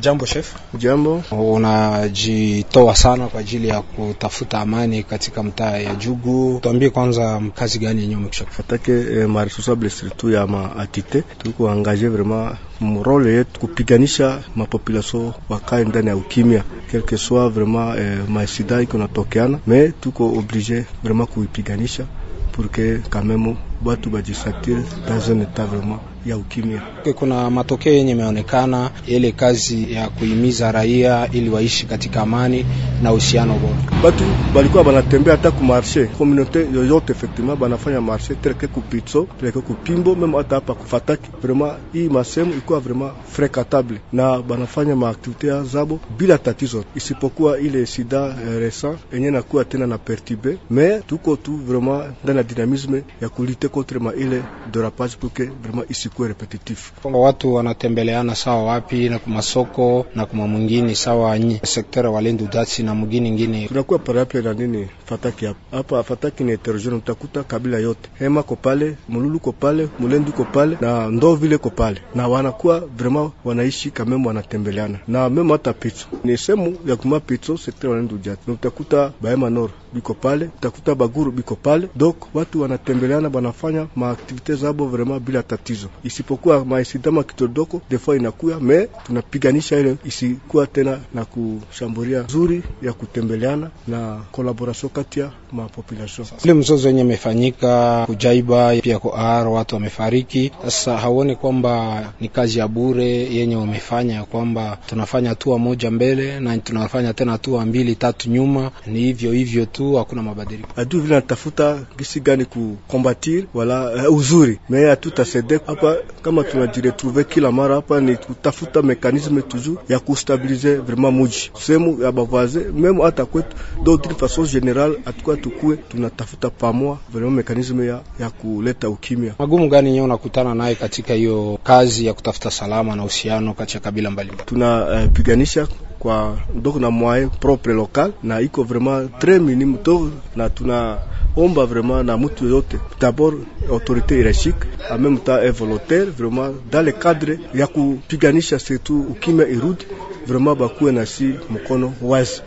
Jambo chef. Jambo. Unajitoa sana kwa ajili ya kutafuta amani katika mtaa ya Jugu. Tuambie kwanza kazi gani yenyewe umekisha atake Eh, ma responsable surtout ya ma atite tuko engage vraiment mrole yetu kupiganisha mapopulation wakae ndani ya ukimya quelque soit vraiment eh, masida iko natokeana mais tuko obligé vraiment kuipiganisha pour que quand même watu bajisatire dans un état vraiment ya ukimwi. Kuna matokeo yenye imeonekana, ile kazi ya kuhimiza raia ili waishi katika amani na uhusiano bora. Batu balikuwa banatembea hata ku marshe komunote yoyote, effectivement banafanya marshe treke kupitso treke kupimbo meme hata hapa kufataki. Vraiment hii masemu ikuwa vraiment frekatable na banafanya maaktivite zabo bila tatizo, isipokuwa ile sida eh, resa enye nakuwa tena na pertibe me tuko tu vraiment ndani ya dinamisme ya kulite contre ma ile dorapage que vraiment isi isikuwe repetitif. Watu wanatembeleana sawa wapi na kumasoko na kuma mwingine sawa nyi sekta Walendu Dasi na mwingine ngine. tunakuwa parapia na nini fataki hapa hapa fataki ni heterogene, utakuta kabila yote hema ko pale, mululu ko pale, mulendu ko pale na ndo vile ko pale, na wanakuwa vraiment wanaishi mwa wanatembeleana na meme. Hata pizzo ni semu ya kuma pizzo sekta Walendu Dasi, utakuta baema nor biko pale, utakuta baguru biko pale, donc watu wanatembeleana, wanafanya maaktivite zabo vraiment bila tatizo isipokuwa maesidama kitodoko defo inakuya me tunapiganisha ile isikuwa tena na kushambulia zuri ya kutembeleana na kolaboration kati ya mapopulation. Ile mzozo yenye imefanyika kujaiba pia ar watu wamefariki. Sasa hauone kwamba ni kazi ya bure yenye wamefanya, kwamba tunafanya hatua moja mbele na tunafanya tena hatua mbili tatu nyuma, ni hivyo hivyo tu, hakuna mabadiliko. Adu vile natafuta gisi gani kukombatir wala uh, uzuri me hatutasede hapa kama tunajiretrouve kila mara hapa ni kutafuta mekanisme toujours ya kustabilize vraiment muji sehemu ya bavaze meme hata kwetu d'autre façon générale atukua tukue tunatafuta pamoja vraiment mekanisme ya, ya kuleta ukimya. Magumu gani nyewe unakutana naye katika hiyo kazi ya kutafuta salama na uhusiano kati ya kabila mbalimbali? Tunapiganisha eh, uh, kwa donc na mwaye propre local na iko vraiment tres minime to na tuna omba vraiment na mutu yote d'abord autorité hiérarchique en même temps hoteli vraiment dans le cadre ya kupiganisha setu ukimya irudi vraiment bakuwe na si mkono wazi,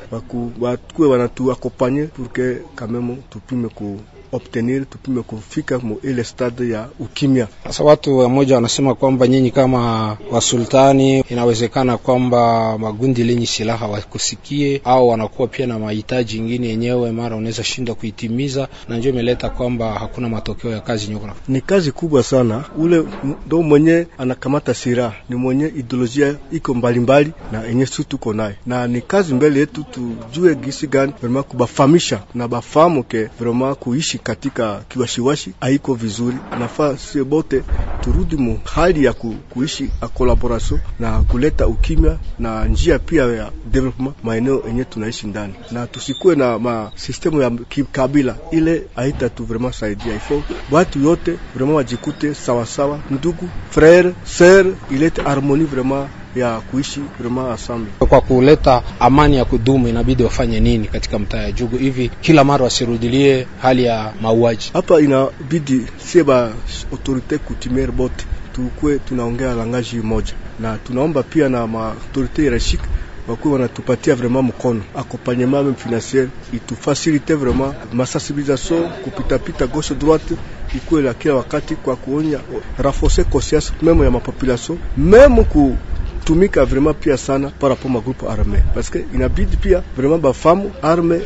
bakuwe wanatu akompanye pour que kamemo tupime ku obtenir tupime kufika mu ile stade ya ukimya. Sasa watu wamoja wanasema kwamba nyinyi kama wasultani, inawezekana kwamba magundi lenye silaha wakusikie, au wanakuwa pia na mahitaji ingine yenyewe, mara unaweza shindwa kuitimiza, na ndio imeleta kwamba hakuna matokeo ya kazi nyoko. Ni kazi kubwa sana, ule ndo mwenye anakamata silaha ni mwenye ideolojia iko mbalimbali na enye su tuko naye, na ni kazi mbele yetu, tujue gisi gani vrema kubafamisha na ke vrema kuishi katika kiwashiwashi haiko vizuri. Anafaa sie bote turudi mu hali ya ku, kuishi a na kuleta ukimya na njia pia ya development maeneo yenye tunaishi ndani, na tusikuwe na masistemu ya kikabila, ile haita tu vraiment saidia. Ifo watu yote vraiment wajikute sawasawa, ndugu frere ser ilete harmoni vraiment ya kuishi vraiment ensemble. Kwa kuleta amani ya kudumu, inabidi wafanye nini katika mtaa ya Jugu hivi kila mara wasirudilie hali ya mauaji hapa? Inabidi sie ba autorite coutumiere bote tunaongea langaji moja, na tunaomba pia na maautorite irashik wakuwe wanatupatia vraiment mkono accompagnement même financier itufasilite vraiment masensibilisation kupitapita gauche droite ikuwe la kila wakati, kwa kuonya renforcer conscience meme ya mapopulation meme ku kutumika vraiment pia sana para po magrupu arme, paske inabidi pia vraiment bafamu arme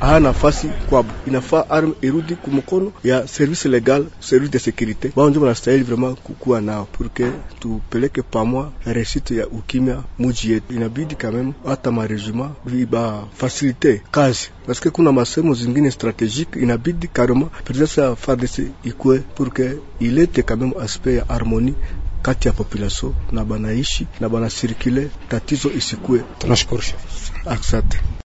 haya nafasi kwabo, inafaa arme irudi kumkono ya service legal, service de securite bao njo banastahili vraiment kukuwa nao purke tupeleke pamwa resite ya ukimya muji yetu. Inabidi kameme hata marejima vibafasilite kazi paske kuna masemo zingine strategique inabidi karema presence ya FARDC ikue purke ilete kameme aspect ya harmonie kati ya population na banaishi na banasirikule, tatizo isikue. Tunashukuru. Asante.